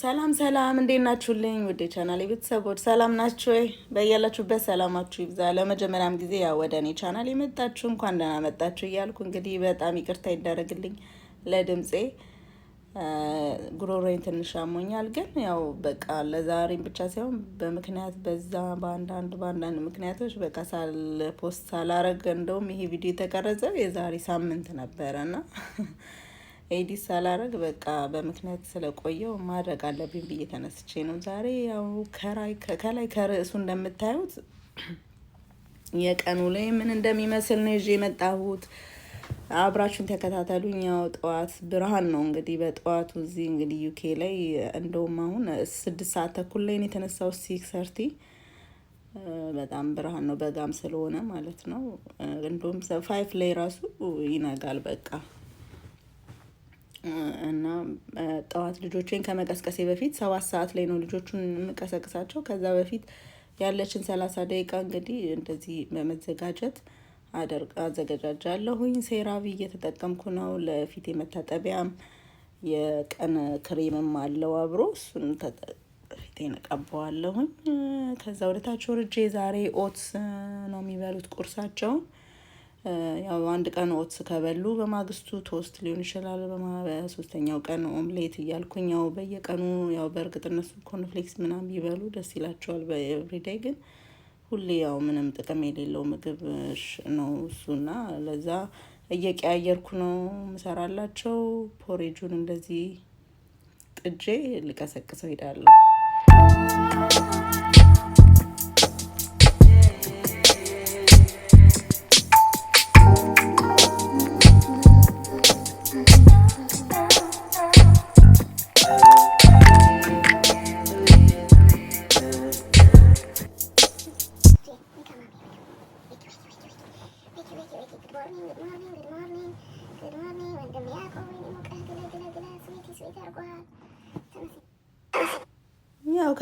ሰላም ሰላም፣ እንዴት ናችሁልኝ? ውድ ቻናል ቤተሰቦች ሰላም ናችሁ ወይ? በያላችሁበት ሰላማችሁ ይብዛ። ለመጀመሪያም ጊዜ ያው ወደ እኔ ቻናል የመጣችሁ እንኳን ደህና መጣችሁ እያልኩ እንግዲህ በጣም ይቅርታ ይደረግልኝ ለድምፄ፣ ጉሮሮዬን ትንሽ አሞኛል። ግን ያው በቃ ለዛሬም ብቻ ሳይሆን በምክንያት በዛ በአንዳንድ በአንዳንድ ምክንያቶች በቃ ፖስት ሳላረግ እንደውም ይሄ ቪዲዮ የተቀረጸው የዛሬ ሳምንት ነበረ እና ኤዲት ሳላረግ በቃ በምክንያት ስለቆየው ማድረግ አለብኝ ብዬ ተነስቼ ነው ዛሬ። ያው ከላይ ከርዕሱ እንደምታዩት የቀኑ ላይ ምን እንደሚመስል ነው ይዤ የመጣሁት። አብራችሁን ተከታተሉኝ። ያው ጠዋት ብርሃን ነው እንግዲህ በጠዋቱ እዚህ እንግዲህ ዩኬ ላይ እንደውም አሁን ስድስት ሰዓት ተኩል ላይ ነው የተነሳው ሲክስ ሰርቲ በጣም ብርሃን ነው በጋም ስለሆነ ማለት ነው። እንዲሁም ፋይፍ ላይ ራሱ ይነጋል በቃ እና ጠዋት ልጆቼን ከመቀስቀሴ በፊት ሰባት ሰዓት ላይ ነው ልጆቹን የምቀሰቅሳቸው። ከዛ በፊት ያለችን ሰላሳ ደቂቃ እንግዲህ እንደዚህ በመዘጋጀት አዘገጃጃለሁኝ። ሴራቪ እየተጠቀምኩ ነው። ለፊቴ መታጠቢያም የቀን ክሬምም አለው አብሮ እሱን ፊቴን እቀባዋለሁኝ። ከዛ ወደታች ወርጄ ዛሬ ኦትስ ነው የሚበሉት ቁርሳቸውን ያው አንድ ቀን ኦትስ ከበሉ በማግስቱ ቶስት ሊሆን ይችላል። በሶስተኛው ቀን ኦምሌት እያልኩኝ ያው በየቀኑ ያው በእርግጥ እነሱ ኮንፍሌክስ ምናምን ቢበሉ ደስ ይላቸዋል። በኤቭሪዴይ ግን ሁሌ ያው ምንም ጥቅም የሌለው ምግብ ነው እሱና ለዛ እየቀያየርኩ ነው ምሰራላቸው። ፖሬጁን እንደዚህ ጥጄ ልቀሰቅሰው ሄዳለሁ።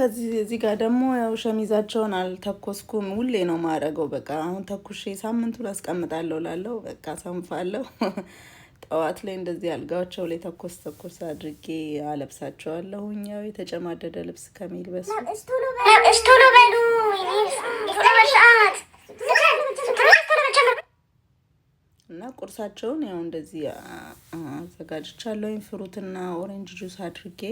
ከዚህ እዚህ ጋር ደግሞ ያው ሸሚዛቸውን አልተኮስኩም። ሁሌ ነው ማድረገው። በቃ አሁን ተኩሼ ሳምንቱን አስቀምጣለሁ ላለው በቃ ሰንፋለሁ። ጠዋት ላይ እንደዚህ አልጋቸው ላይ ተኮስ ተኮስ አድርጌ አለብሳቸዋለሁ። ያው የተጨማደደ ልብስ ከሚልበስ እና ቁርሳቸውን ያው እንደዚህ አዘጋጅቻለሁኝ። ፍሩትና ኦሬንጅ ጁስ አድርጌ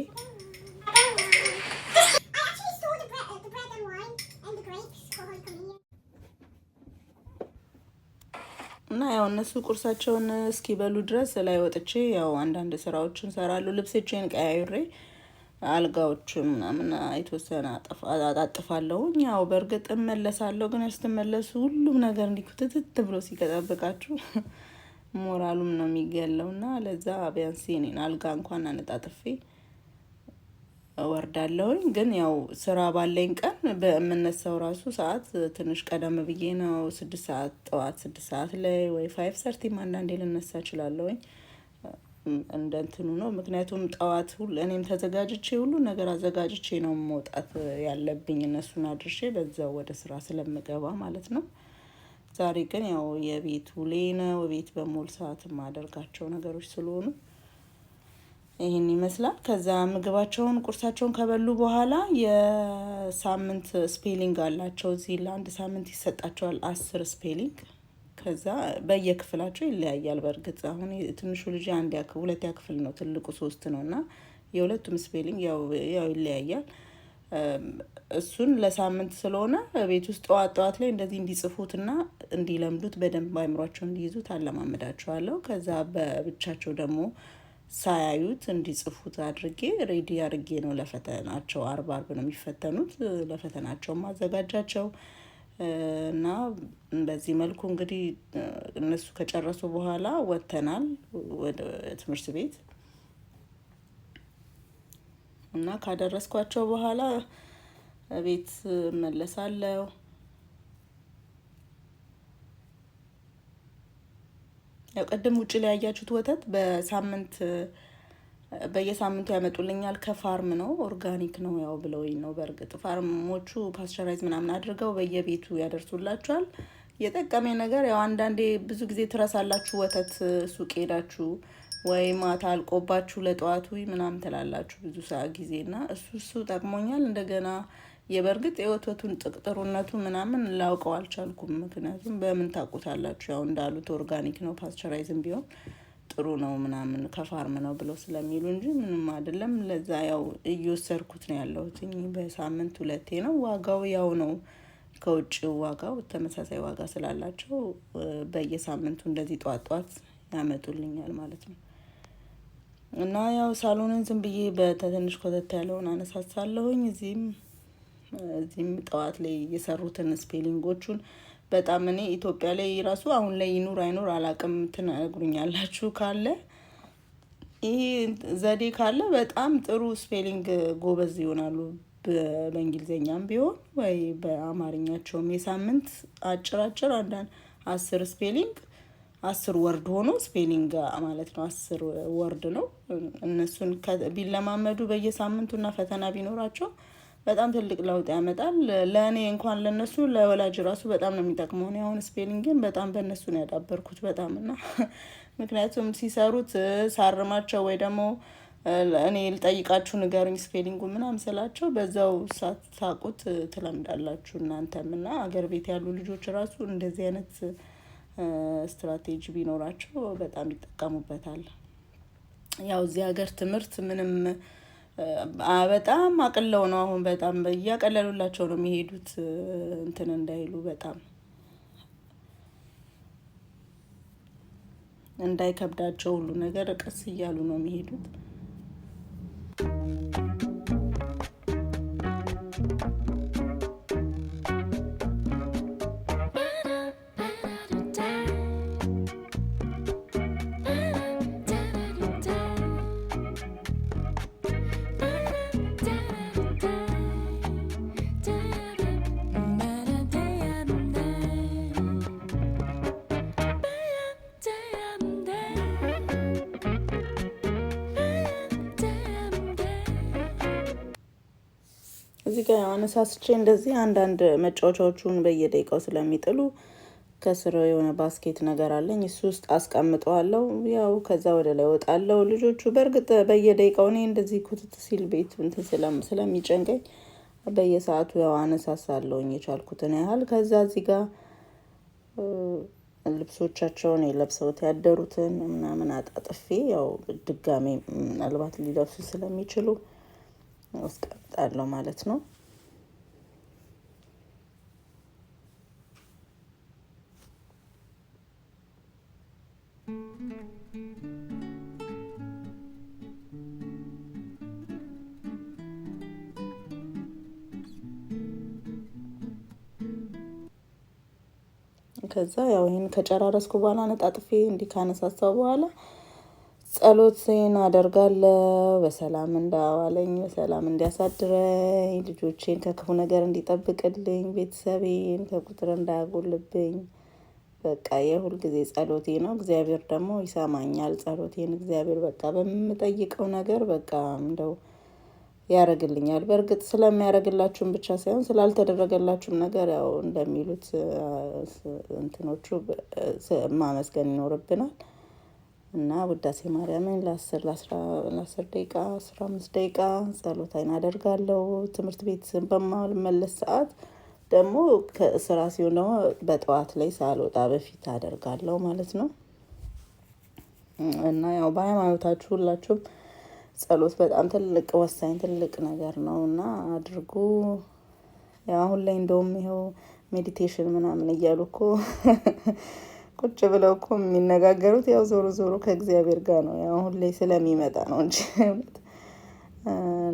እና ያው እነሱ ቁርሳቸውን እስኪበሉ ድረስ ላይ ወጥቼ ያው አንዳንድ ስራዎችን ሰራለሁ። ልብሶቼን ቀያይሬ አልጋዎቹ ምናምን የተወሰነ አጣጥፋለሁኝ። ያው በእርግጥ እመለሳለሁ፣ ግን ስትመለሱ ሁሉም ነገር እንዲህ ክትትት ብሎ ሲጠብቃችሁ ሞራሉም ነው የሚገለው እና ለዛ ቢያንስ የኔን አልጋ እንኳን አነጣጥፌ እወርዳለሁኝ። ግን ያው ስራ ባለኝ ቀን በምነሳው ራሱ ሰዓት ትንሽ ቀደም ብዬ ነው ስድስት ሰዓት ጠዋት ስድስት ሰዓት ላይ ወይ ፋይቭ ሰርቲም አንዳንዴ ልነሳ እችላለሁኝ። እንደ እንትኑ ነው። ምክንያቱም ጠዋት እኔም ተዘጋጅቼ ሁሉ ነገር አዘጋጅቼ ነው መውጣት ያለብኝ እነሱን አድርሼ በዛው ወደ ስራ ስለምገባ ማለት ነው። ዛሬ ግን ያው የቤት ውሌ ነው። ቤት በሞል ሰዓት የማደርጋቸው ነገሮች ስለሆኑ ይህን ይመስላል። ከዛ ምግባቸውን ቁርሳቸውን ከበሉ በኋላ የሳምንት ስፔሊንግ አላቸው። እዚህ ለአንድ ሳምንት ይሰጣቸዋል አስር ስፔሊንግ። ከዛ በየክፍላቸው ይለያያል። በእርግጥ አሁን ትንሹ ልጅ አንድ ሁለት ክፍል ነው፣ ትልቁ ሶስት ነው እና የሁለቱም ስፔሊንግ ያው ይለያያል። እሱን ለሳምንት ስለሆነ ቤት ውስጥ ጠዋት ጠዋት ላይ እንደዚህ እንዲጽፉትና እንዲለምዱት በደንብ አይምሯቸው እንዲይዙት አለማመዳቸዋለሁ። ከዛ በብቻቸው ደግሞ ሳያዩት እንዲጽፉት አድርጌ ሬዲ አድርጌ ነው ለፈተናቸው። አርብ አርብ ነው የሚፈተኑት። ለፈተናቸው ማዘጋጃቸው እና በዚህ መልኩ እንግዲህ እነሱ ከጨረሱ በኋላ ወጥተናል ወደ ትምህርት ቤት እና ካደረስኳቸው በኋላ ቤት እመለሳለሁ። ያው ቅድም ውጭ ላይ ያያችሁት ወተት በሳምንት በየሳምንቱ ያመጡልኛል። ከፋርም ነው ኦርጋኒክ ነው ያው ብለውኝ ነው። በእርግጥ ፋርሞቹ ፓስቸራይዝ ምናምን አድርገው በየቤቱ ያደርሱላችኋል። የጠቀሜ ነገር ያው አንዳንዴ ብዙ ጊዜ ትረሳላችሁ ወተት ሱቅ ሄዳችሁ ወይ ማታ አልቆባችሁ ለጠዋቱ ምናምን ትላላችሁ ብዙ ሰዓት ጊዜና እሱ እሱ ጠቅሞኛል እንደገና የበርግጥ የወተቱን ጥቅጥሩነቱ ምናምን ላውቀው አልቻልኩም። ምክንያቱም በምን ታውቁታላችሁ፣ ያው እንዳሉት ኦርጋኒክ ነው ፓስቸራይዝም ቢሆን ጥሩ ነው ምናምን ከፋርም ነው ብለው ስለሚሉ እንጂ ምንም አይደለም። ለዛ ያው እየወሰድኩት ነው ያለሁት በሳምንት ሁለቴ ነው። ዋጋው ያው ነው ከውጭ ዋጋው ተመሳሳይ ዋጋ ስላላቸው በየሳምንቱ እንደዚህ ጧት ጧት ያመጡልኛል ማለት ነው። እና ያው ሳሎንን ዝም ብዬ በትንሽ ኮተት ያለውን አነሳሳለሁኝ እዚህም እዚህም ጠዋት ላይ የሰሩትን ስፔሊንጎቹን በጣም እኔ ኢትዮጵያ ላይ ራሱ አሁን ላይ ይኑር አይኑር አላቅም ትነግሩኛላችሁ ካለ ይህ ዘዴ ካለ በጣም ጥሩ ስፔሊንግ ጎበዝ ይሆናሉ። በእንግሊዝኛም ቢሆን ወይ በአማርኛቸውም የሳምንት አጭር አጭር አንዳንድ አስር ስፔሊንግ አስር ወርድ ሆኖ ስፔሊንግ ማለት ነው። አስር ወርድ ነው። እነሱን ቢለማመዱ በየሳምንቱና ፈተና ቢኖራቸው በጣም ትልቅ ለውጥ ያመጣል። ለእኔ እንኳን ለነሱ ለወላጅ ራሱ በጣም ነው የሚጠቅመው። አሁን ስፔሊንግን በጣም በእነሱ ነው ያዳበርኩት በጣም እና ምክንያቱም ሲሰሩት ሳርማቸው ወይ ደግሞ እኔ ልጠይቃችሁ ንገሩኝ ስፔሊንጉ ምናምን ስላቸው በዛው ሳታቁት ትለምዳላችሁ እናንተም እና አገር ቤት ያሉ ልጆች ራሱ እንደዚህ አይነት ስትራቴጂ ቢኖራቸው በጣም ይጠቀሙበታል። ያው እዚህ ሀገር ትምህርት ምንም በጣም አቅለው ነው አሁን በጣም እያቀለሉላቸው ነው የሚሄዱት እንትን እንዳይሉ በጣም እንዳይከብዳቸው ሁሉ ነገር ቀስ እያሉ ነው የሚሄዱት። ጋር አነሳስቼ እንደዚህ አንዳንድ መጫወቻዎቹን በየደቂቃው ስለሚጥሉ ከስር የሆነ ባስኬት ነገር አለኝ። እሱ ውስጥ አስቀምጠዋለው። ያው ከዛ ወደ ላይ ወጣለው። ልጆቹ በእርግጥ በየደቂቃው እኔ እንደዚህ ኩትት ሲል ቤት እንትን ስለሚጨንቀኝ በየሰዓቱ ያው አነሳሳለውኝ የቻልኩትን ያህል። ከዛ እዚህ ጋር ልብሶቻቸውን የለብሰውት ያደሩትን ምናምን አጣጥፌ ያው ድጋሜ ምናልባት ሊለብሱ ስለሚችሉ አስቀምጣለው ማለት ነው። ከዛ ያው ይህን ከጨራረስኩ በኋላ ነጣጥፌ እንዲህ ካነሳሳው በኋላ ጸሎትን አደርጋለሁ። በሰላም እንዳዋለኝ በሰላም እንዲያሳድረኝ ልጆቼን ከክፉ ነገር እንዲጠብቅልኝ ቤተሰቤን ከቁጥር እንዳያጎልብኝ በቃ የሁል ጊዜ ጸሎቴ ነው። እግዚአብሔር ደግሞ ይሰማኛል ጸሎቴን። እግዚአብሔር በቃ በምጠይቀው ነገር በቃ እንደው ያደርግልኛል። በእርግጥ ስለሚያደርግላችሁም ብቻ ሳይሆን ስላልተደረገላችሁም ነገር ያው እንደሚሉት እንትኖቹ ማመስገን ይኖርብናል እና ውዳሴ ማርያምን ለአስር ደቂቃ አስራ አምስት ደቂቃ ጸሎታይን አደርጋለሁ። ትምህርት ቤት በማልመለስ ሰዓት ደግሞ ከስራ ሲሆን ደግሞ በጠዋት ላይ ሳልወጣ በፊት አደርጋለሁ ማለት ነው። እና ያው በሃይማኖታችሁ ሁላችሁም ጸሎት በጣም ትልቅ ወሳኝ ትልቅ ነገር ነው እና አድርጉ። ያው አሁን ላይ እንደውም ይኸው ሜዲቴሽን ምናምን እያሉ እኮ ቁጭ ብለው እኮ የሚነጋገሩት ያው ዞሮ ዞሮ ከእግዚአብሔር ጋር ነው። ያው አሁን ላይ ስለሚመጣ ነው እንጂ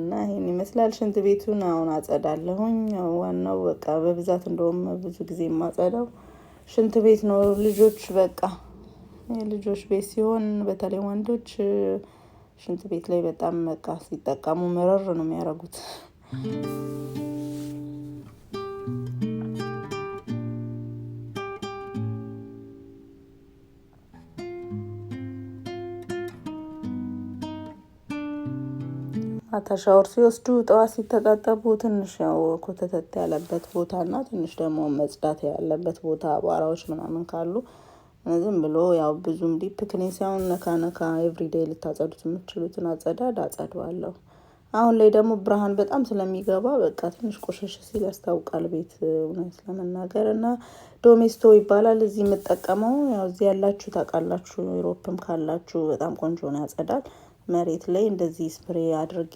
እና ይሄን ይመስላል። ሽንት ቤቱን አሁን አጸዳለሁኝ። ዋናው በቃ በብዛት እንደውም ብዙ ጊዜ የማጸዳው ሽንት ቤት ነው። ልጆች በቃ የልጆች ቤት ሲሆን በተለይ ወንዶች ሽንት ቤት ላይ በጣም በቃ ሲጠቀሙ ምርር ነው የሚያደርጉት። አታሻወር ሲወስዱ ጠዋት ሲተጣጠቡ ትንሽ ያው ኮተተት ያለበት ቦታ እና ትንሽ ደግሞ መጽዳት ያለበት ቦታ አቧራዎች ምናምን ካሉ ዝም ብሎ ያው ብዙም ዲፕ ክሊን ሳይሆን ነካ ነካ ኤቭሪዴይ ልታጸዱት የምትችሉትን አጸዳድ አጸደዋለሁ። አሁን ላይ ደግሞ ብርሃን በጣም ስለሚገባ በቃ ትንሽ ቆሸሽ ሲል ያስታውቃል ቤት እውነት ለመናገር እና ዶሜስቶ ይባላል እዚህ የምጠቀመው ያው እዚህ ያላችሁ ታውቃላችሁ፣ ዩሮፕም ካላችሁ በጣም ቆንጆ ነው ያጸዳል። መሬት ላይ እንደዚህ ስፕሬ አድርጌ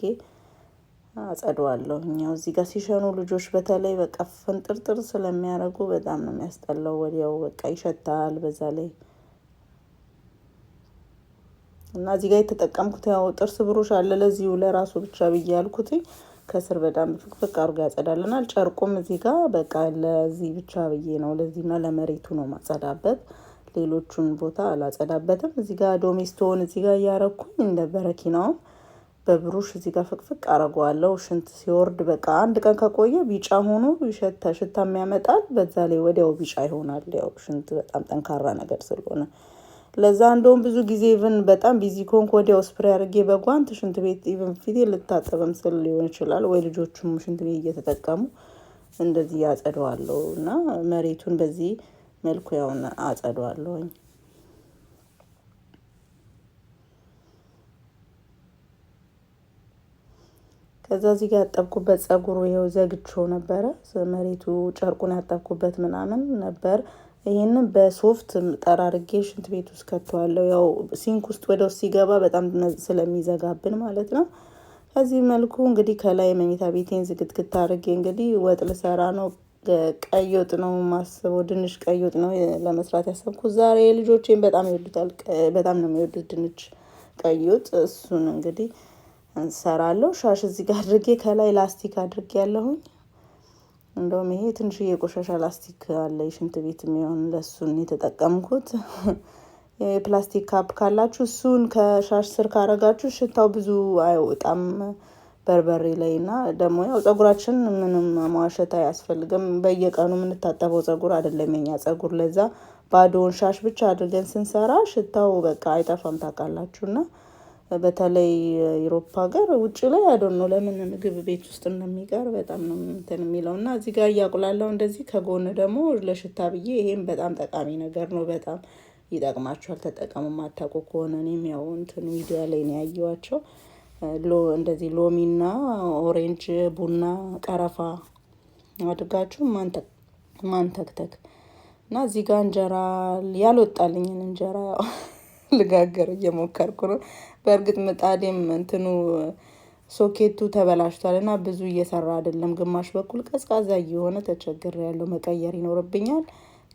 አጸደዋለሁ። እኛው እዚህ ጋር ሲሸኑ ልጆች በተለይ በቃ ፍንጥርጥር ስለሚያደርጉ በጣም ነው የሚያስጠላው። ወዲያው በቃ ይሸታል። በዛ ላይ እና እዚህ ጋር የተጠቀምኩት ያው ጥርስ ብሩሽ አለ ለዚሁ ለራሱ ብቻ ብዬ ያልኩትኝ ከስር በጣም ፍቅፍቅ አድርጎ ያጸዳልናል። ጨርቁም እዚህ ጋር በቃ ለዚህ ብቻ ብዬ ነው ለዚህና ለመሬቱ ነው ማጸዳበት ሌሎቹን ቦታ አላጸዳበትም። እዚህ ጋር ዶሜስቶን እዚህ ጋር እያረኩኝ እንደ በረኪናውም በብሩሽ እዚህ ጋር ፍቅፍቅ አረገዋለሁ። ሽንት ሲወርድ በቃ አንድ ቀን ከቆየ ቢጫ ሆኖ ሸታ ሽታም ያመጣል። በዛ ላይ ወዲያው ቢጫ ይሆናል። ያው ሽንት በጣም ጠንካራ ነገር ስለሆነ ለዛ እንደውም ብዙ ጊዜ ኢቭን በጣም ቢዚ ኮንክ ወዲያው ስፕሬ አድርጌ በጓንት ሽንት ቤት ኢቭን ፊቴ ልታጠብም ስል ሊሆን ይችላል ወይ ልጆቹም ሽንት ቤት እየተጠቀሙ እንደዚህ ያጸደዋለሁ እና መሬቱን በዚህ መልኩ ያውን አጸዷለሁኝ። ከዛ እዚህ ጋር ያጠብኩበት ጸጉሩ ይኸው ዘግቾ ነበረ። መሬቱ ጨርቁን ያጠብኩበት ምናምን ነበር። ይህንን በሶፍት ጠራርጌ ሽንት ቤት ውስጥ ከተዋለሁ። ያው ሲንክ ውስጥ ወደ ውስጥ ሲገባ በጣም ስለሚዘጋብን ማለት ነው። ከዚህ መልኩ እንግዲህ ከላይ መኝታ ቤቴን ዝግትግት አድርጌ እንግዲህ ወጥ ልሰራ ነው። ቀይ ወጥ ነው ማስበው። ድንች ቀይ ወጥ ነው ለመስራት ያሰብኩት ዛሬ። ልጆቼም በጣም ይወዱታል፣ በጣም ነው የሚወዱት ድንች ቀይ ወጥ። እሱን እንግዲህ እንሰራለሁ። ሻሽ እዚህ ጋር አድርጌ ከላይ ላስቲክ አድርጌ ያለሁኝ። እንደውም ይሄ ትንሽዬ ቆሻሻ ላስቲክ አለ የሽንት ቤት የሚሆን ለእሱን የተጠቀምኩት። የፕላስቲክ ካፕ ካላችሁ እሱን ከሻሽ ስር ካረጋችሁ ሽታው ብዙ አይወጣም። በርበሬ ላይ እና ደግሞ ያው ጸጉራችን ምንም መዋሸት አያስፈልግም። በየቀኑ የምንታጠበው ጸጉር አይደለም የኛ ጸጉር። ለዛ ባዶውን ሻሽ ብቻ አድርገን ስንሰራ ሽታው በቃ አይጠፋም ታውቃላችሁ። እና በተለይ ዩሮፕ ሀገር ውጭ ላይ አዶኖ ለምን ምግብ ቤት ውስጥ እንደሚቀር በጣም ነው እንትን የሚለው እና እዚህ ጋር እያቁላለው እንደዚህ ከጎን ደግሞ ለሽታ ብዬ ይሄም በጣም ጠቃሚ ነገር ነው። በጣም ይጠቅማችኋል። ተጠቀሙ። ማታውቁ ከሆነ እኔም ያው እንትን ሚዲያ ላይ ነው ያየኋቸው እንደዚህ ሎሚና ኦሬንጅ፣ ቡና፣ ቀረፋ አድርጋችሁ ማንተክተክ እና እዚህ ጋር እንጀራ ያልወጣልኝን እንጀራ ልጋገር እየሞከርኩ ነው። በእርግጥ ምጣዴም እንትኑ ሶኬቱ ተበላሽቷል እና ብዙ እየሰራ አይደለም። ግማሽ በኩል ቀዝቃዛ እየሆነ ተቸግር ያለው መቀየር ይኖርብኛል።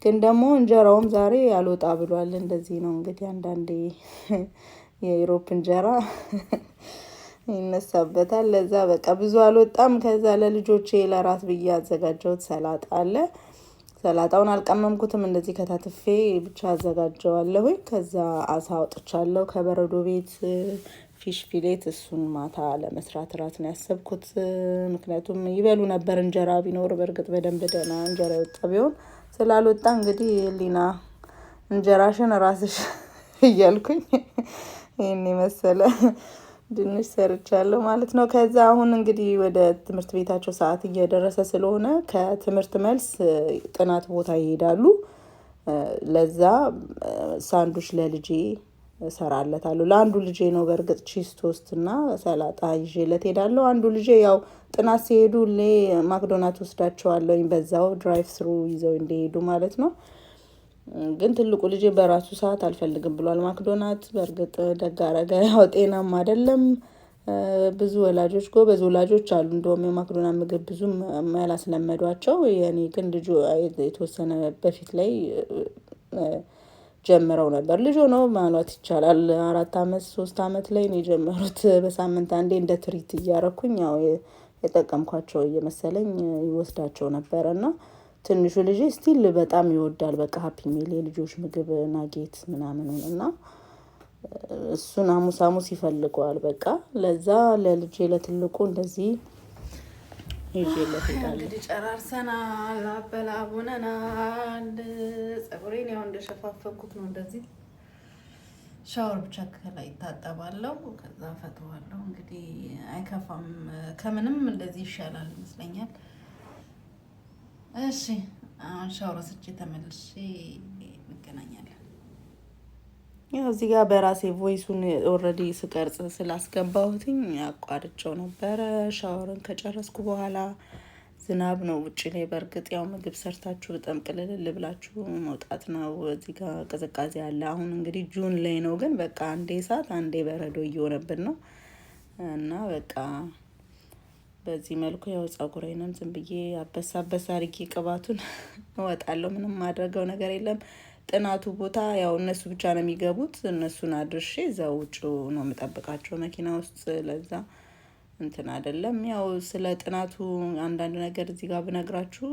ግን ደግሞ እንጀራውም ዛሬ ያልወጣ ብሏል። እንደዚህ ነው እንግዲህ አንዳንዴ የኢሮፕ እንጀራ ይነሳበታል። ለዛ በቃ ብዙ አልወጣም። ከዛ ለልጆቼ ለራት ብዬ ያዘጋጀሁት ሰላጣ አለ። ሰላጣውን አልቀመምኩትም፣ እንደዚህ ከታትፌ ብቻ አዘጋጀዋለሁኝ። ከዛ አሳ አውጥቻለሁ ከበረዶ ቤት ፊሽ ፊሌት፣ እሱን ማታ ለመስራት ራት ነው ያሰብኩት። ምክንያቱም ይበሉ ነበር እንጀራ ቢኖር በእርግጥ በደንብ ደህና እንጀራ የወጣ ቢሆን ስላልወጣ እንግዲህ ሊና እንጀራሽን ራስሽ እያልኩኝ ይህን የመሰለ ድንች ሰርቻለሁ ማለት ነው። ከዛ አሁን እንግዲህ ወደ ትምህርት ቤታቸው ሰዓት እየደረሰ ስለሆነ ከትምህርት መልስ ጥናት ቦታ ይሄዳሉ። ለዛ ሳንዱች ለልጄ እሰራለታለሁ። ለአንዱ ልጄ ነው በእርግጥ ቺስ ቶስት እና ሰላጣ ይዤለት ሄዳለሁ። አንዱ ልጄ ያው ጥናት ሲሄዱ ሌ ማክዶናት ወስዳቸዋለሁኝ። በዛው ድራይቭ ስሩ ይዘው እንደሄዱ ማለት ነው። ግን ትልቁ ልጅ በራሱ ሰዓት አልፈልግም ብሏል ማክዶናት። በእርግጥ ደጋረገ ያው ጤናም አይደለም። ብዙ ወላጆች ጎበዝ ወላጆች አሉ፣ እንደውም የማክዶና ምግብ ብዙም ያላስለመዷቸው። የኔ ግን ልጁ የተወሰነ በፊት ላይ ጀምረው ነበር። ልጆ ነው ማለት ይቻላል። አራት አመት ሶስት አመት ላይ ነው የጀመሩት። በሳምንት አንዴ እንደ ትሪት እያረኩኝ ያው የጠቀምኳቸው እየመሰለኝ ይወስዳቸው ነበረ እና ትንሹ ልጅ ስቲል በጣም ይወዳል። በቃ ሀፒ ሚል የልጆች ምግብ ናጌት ምናምኑን እና እሱን ሐሙስ ሐሙስ ይፈልገዋል። በቃ ለዛ ለልጄ ለትልቁ እንደዚህ እንግዲህ ጨራርሰናል። አበላቡነናል። ጸጉሬን ያው እንደሸፋፈኩት ነው። እንደዚህ ሻወር ብቻ ከላይ ይታጠባለው፣ ከዛ ፈተዋለሁ። እንግዲህ አይከፋም፣ ከምንም እንደዚህ ይሻላል ይመስለኛል። እሺ አሁን ሻወር ወስጄ ተመልሼ እንገናኛለን። ያው እዚህ ጋር በራሴ ቮይሱን ኦልሬዲ ስቀርጽ ስላስገባሁትኝ አቋርጬው ነበረ። ሻወርን ከጨረስኩ በኋላ ዝናብ ነው ውጭ ላይ። በእርግጥ ያው ምግብ ሰርታችሁ በጣም ቅልልል ብላችሁ መውጣት ነው። እዚህ ጋር ቅዝቃዜ አለ። አሁን እንግዲህ ጁን ላይ ነው፣ ግን በቃ አንዴ እሳት አንዴ በረዶ እየሆነብን ነው እና በቃ በዚህ መልኩ ያው ጸጉሬንም ዝም ብዬ አበሳ አበሳ አድርጌ ቅባቱን እወጣለሁ። ምንም ማድረገው ነገር የለም። ጥናቱ ቦታ ያው እነሱ ብቻ ነው የሚገቡት። እነሱን አድርሼ እዛ ውጭ ነው የምጠብቃቸው መኪና ውስጥ። ለዛ እንትን አይደለም። ያው ስለ ጥናቱ አንዳንድ ነገር እዚህ ጋር ብነግራችሁ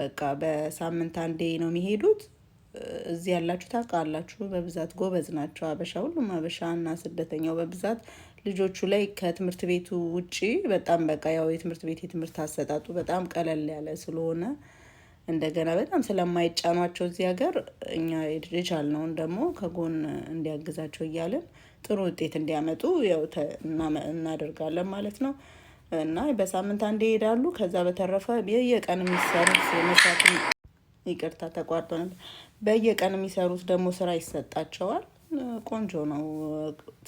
በቃ በሳምንት አንዴ ነው የሚሄዱት። እዚህ ያላችሁ ታውቃላችሁ፣ በብዛት ጎበዝ ናቸው። አበሻ ሁሉም አበሻ እና ስደተኛው በብዛት ልጆቹ ላይ ከትምህርት ቤቱ ውጪ በጣም በቃ ያው የትምህርት ቤት የትምህርት አሰጣጡ በጣም ቀለል ያለ ስለሆነ እንደገና በጣም ስለማይጫኗቸው እዚህ ሀገር እኛ የቻልነውን ደግሞ ከጎን እንዲያግዛቸው እያለን ጥሩ ውጤት እንዲያመጡ ያው እናደርጋለን ማለት ነው። እና በሳምንት አንዴ ይሄዳሉ። ከዛ በተረፈ የየቀን የሚሰሩት መስራት ይቅርታ ተቋርጦ ነበር። በየቀን የሚሰሩት ደግሞ ስራ ይሰጣቸዋል። ቆንጆ ነው።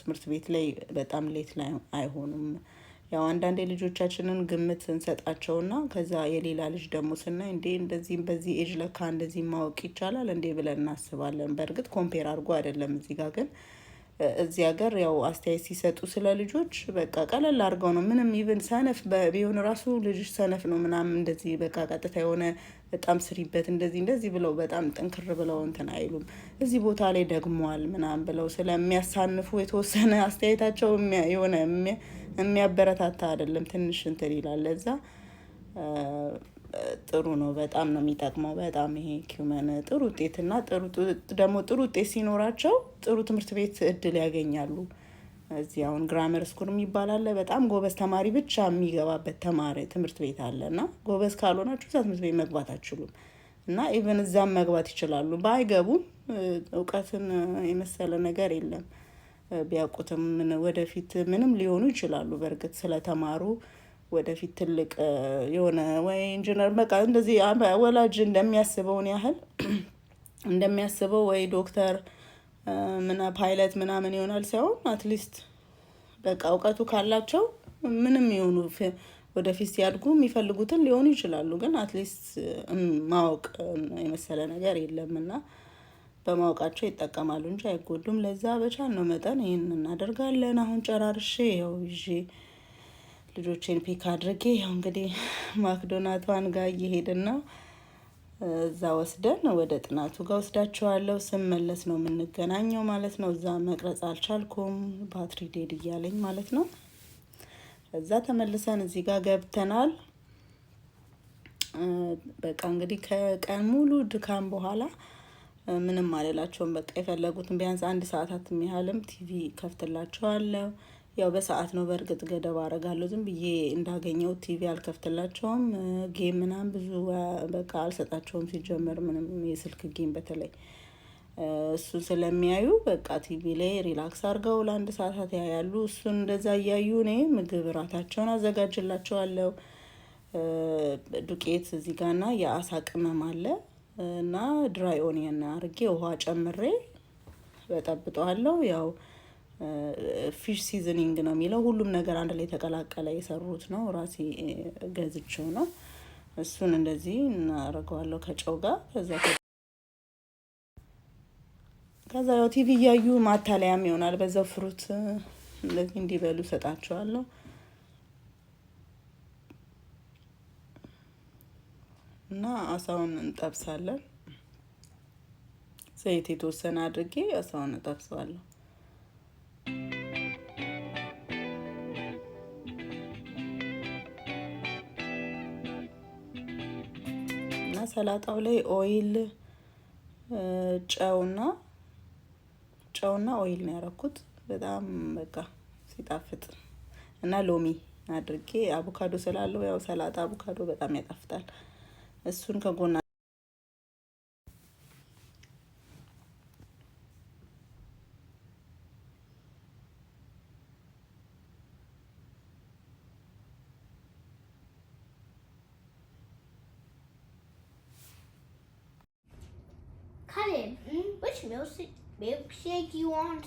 ትምህርት ቤት ላይ በጣም ሌት ላይ አይሆኑም። ያው አንዳንዴ ልጆቻችንን ግምት ስንሰጣቸውና ከዛ የሌላ ልጅ ደግሞ ስናይ እንዴ እንደዚህም በዚህ ኤጅ ለካ እንደዚህ ማወቅ ይቻላል እንዴ ብለን እናስባለን። በእርግጥ ኮምፔር አድርጎ አይደለም እዚህ ጋር ግን እዚህ ሀገር ያው አስተያየት ሲሰጡ ስለ ልጆች በቃ ቀለል አድርገው ነው ምንም ይብን ሰነፍ ቢሆን ራሱ ልጅ ሰነፍ ነው ምናምን እንደዚህ በቃ ቀጥታ የሆነ በጣም ስሪበት እንደዚህ እንደዚህ ብለው በጣም ጥንክር ብለው እንትን አይሉም። እዚህ ቦታ ላይ ደግሟል ምናምን ብለው ስለሚያሳንፉ የተወሰነ አስተያየታቸው የሆነ የሚያበረታታ አይደለም። ትንሽ እንትን ይላል። ለዛ ጥሩ ነው። በጣም ነው የሚጠቅመው። በጣም ይሄ ኪመን ጥሩ ውጤትና ደግሞ ጥሩ ውጤት ሲኖራቸው ጥሩ ትምህርት ቤት እድል ያገኛሉ። እዚህ አሁን ግራመር ስኩል የሚባል አለ። በጣም ጎበዝ ተማሪ ብቻ የሚገባበት ተማሪ ትምህርት ቤት አለ እና ጎበዝ ካልሆናችሁ እዛ ትምህርት ቤት መግባት አችሉም እና ኢቨን እዛም መግባት ይችላሉ። ባይገቡም እውቀትን የመሰለ ነገር የለም። ቢያውቁትም ወደፊት ምንም ሊሆኑ ይችላሉ። በእርግጥ ስለተማሩ ወደፊት ትልቅ የሆነ ወይ ኢንጂነር በቃ እንደዚህ ወላጅ እንደሚያስበውን ያህል እንደሚያስበው ወይ ዶክተር ምን ፓይለት ምናምን ይሆናል ሳይሆን አትሊስት በቃ እውቀቱ ካላቸው ምንም የሆኑ ወደፊት ሲያድጉ የሚፈልጉትን ሊሆኑ ይችላሉ። ግን አትሊስት ማወቅ የመሰለ ነገር የለም እና በማወቃቸው ይጠቀማሉ እንጂ አይጎዱም። ለዛ ነው መጠን ይህን እናደርጋለን። አሁን ጨራርሼ ይኸው ይዤ ልጆቼን ፒክ አድርጌ ያው እንግዲህ ማክዶናቷን ጋር እየሄድን ነው። እዛ ወስደን ወደ ጥናቱ ጋር ወስዳችኋለሁ። ስመለስ ነው የምንገናኘው ማለት ነው። እዛ መቅረጽ አልቻልኩም፣ ባትሪ ዴድ እያለኝ ማለት ነው። እዛ ተመልሰን እዚህ ጋር ገብተናል። በቃ እንግዲህ ከቀን ሙሉ ድካም በኋላ ምንም አልላቸውም። በቃ የፈለጉትን ቢያንስ አንድ ሰዓታት የሚያህልም ቲቪ ከፍትላቸዋለሁ። ያው በሰዓት ነው በእርግጥ ገደብ አረጋለሁ። ዝም ብዬ እንዳገኘው ቲቪ አልከፍትላቸውም። ጌም ምናምን ብዙ በቃ አልሰጣቸውም። ሲጀመር ምንም የስልክ ጌም በተለይ እሱን ስለሚያዩ በቃ ቲቪ ላይ ሪላክስ አድርገው ለአንድ ሰዓታት ያያሉ። እሱን እንደዛ እያዩ እኔ ምግብ እራታቸውን አዘጋጅላቸዋለሁ። ዱቄት እዚህ ጋና የአሳ ቅመም አለ እና ድራይ ኦኒየን አርጌ ውሃ ጨምሬ በጠብጠዋለሁ ያው ፊሽ ሲዝኒንግ ነው የሚለው። ሁሉም ነገር አንድ ላይ የተቀላቀለ የሰሩት ነው። ራሴ ገዝቼው ነው። እሱን እንደዚህ እናደርገዋለሁ ከጨው ጋር። ከዛ ከዛ ያው ቲቪ እያዩ ማታለያም ይሆናል። በዛው ፍሩት እንደዚህ እንዲበሉ ሰጣቸዋለሁ። እና አሳውን እንጠብሳለን። ዘይት የተወሰነ አድርጌ አሳውን እጠብሰዋለሁ። ሰላጣው ላይ ኦይል ጨውና ጨውና ኦይል ነው ያረኩት። በጣም በቃ ሲጣፍጥ እና ሎሚ አድርጌ አቮካዶ ስላለው ያው ሰላጣ አቮካዶ በጣም ያጣፍጣል። እሱን ከጎና shake you want?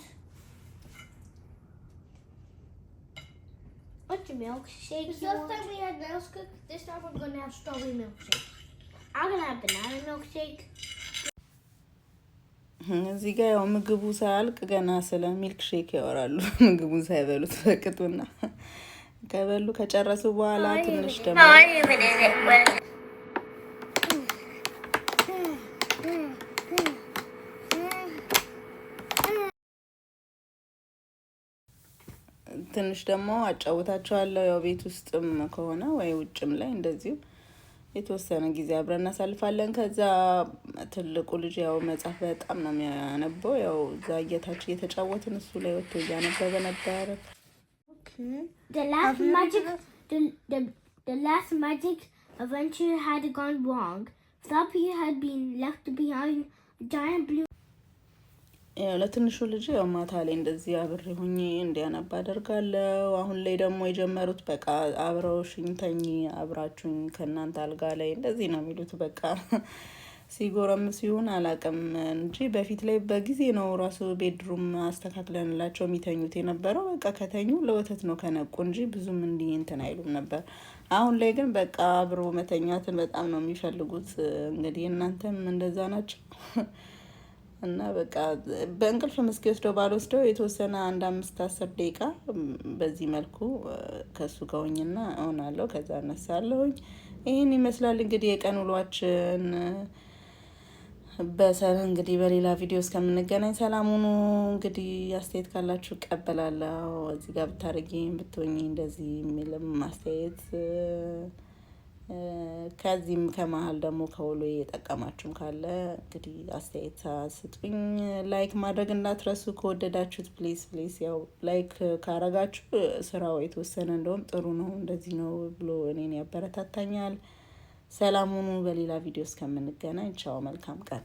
What's your milkshake Because last time we had milkshake, this time we're going to have strawberry milkshake. I'm going to have banana milkshake. እዚህ ጋር ያው ምግቡ ሳያልቅ ገና ስለ ሚልክ ሼክ ያወራሉ። ምግቡን ሳይበሉት በቅጡና ከበሉ ከጨረሱ በኋላ ትንሽ ደግሞ ትንሽ ደግሞ አጫውታቸዋለሁ። ያው ቤት ውስጥም ከሆነ ወይ ውጭም ላይ እንደዚሁ የተወሰነ ጊዜ አብረን እናሳልፋለን። ከዛ ትልቁ ልጅ ያው መጽሐፍ በጣም ነው የሚያነበው። ያው እዛ እየታች እየተጫወትን እሱ ላይ ወጥቶ እያነበበ ነበረ። The last magic adventure had ለትንሹ ልጅ ያው ማታ ላይ እንደዚህ አብሬ ሁኜ እንዲያነባ አደርጋለሁ። አሁን ላይ ደግሞ የጀመሩት በቃ አብረውሽኝ ሽኝተኝ አብራችሁኝ ከእናንተ አልጋ ላይ እንደዚህ ነው የሚሉት። በቃ ሲጎረም ሲሆን አላቅም እንጂ በፊት ላይ በጊዜ ነው ራሱ ቤድሩም አስተካክለንላቸው የሚተኙት የነበረው። በቃ ከተኙ ለወተት ነው ከነቁ እንጂ ብዙም እንዲህ እንትን አይሉም ነበር። አሁን ላይ ግን በቃ አብሮ መተኛትን በጣም ነው የሚፈልጉት። እንግዲህ እናንተም እንደዛ ናቸው። እና በቃ በእንቅልፍ መስኪ እስኪወስደው ባልወስደው የተወሰነ አንድ አምስት አስር ደቂቃ በዚህ መልኩ ከሱ ጋር እሆናለሁ። ከዛ እነሳለሁኝ። ይህን ይመስላል እንግዲህ የቀን ውሏችን። በሰር እንግዲህ በሌላ ቪዲዮ እስከምንገናኝ ሰላም ሁኑ። እንግዲህ አስተያየት ካላችሁ እቀበላለሁ። እዚህ ጋር ብታደርጊ ብትሆኝ እንደዚህ የሚልም አስተያየት ከዚህም ከመሀል ደግሞ ከውሎ እየጠቀማችሁም ካለ እንግዲህ አስተያየት ስጡኝ። ላይክ ማድረግ እንዳትረሱ ከወደዳችሁት ፕሌስ ፕሌስ ያው ላይክ ካረጋችሁ ስራው የተወሰነ እንደውም ጥሩ ነው እንደዚህ ነው ብሎ እኔን ያበረታታኛል። ሰላም ሁኑ። በሌላ ቪዲዮ እስከምንገናኝ ቻው፣ መልካም ቀን።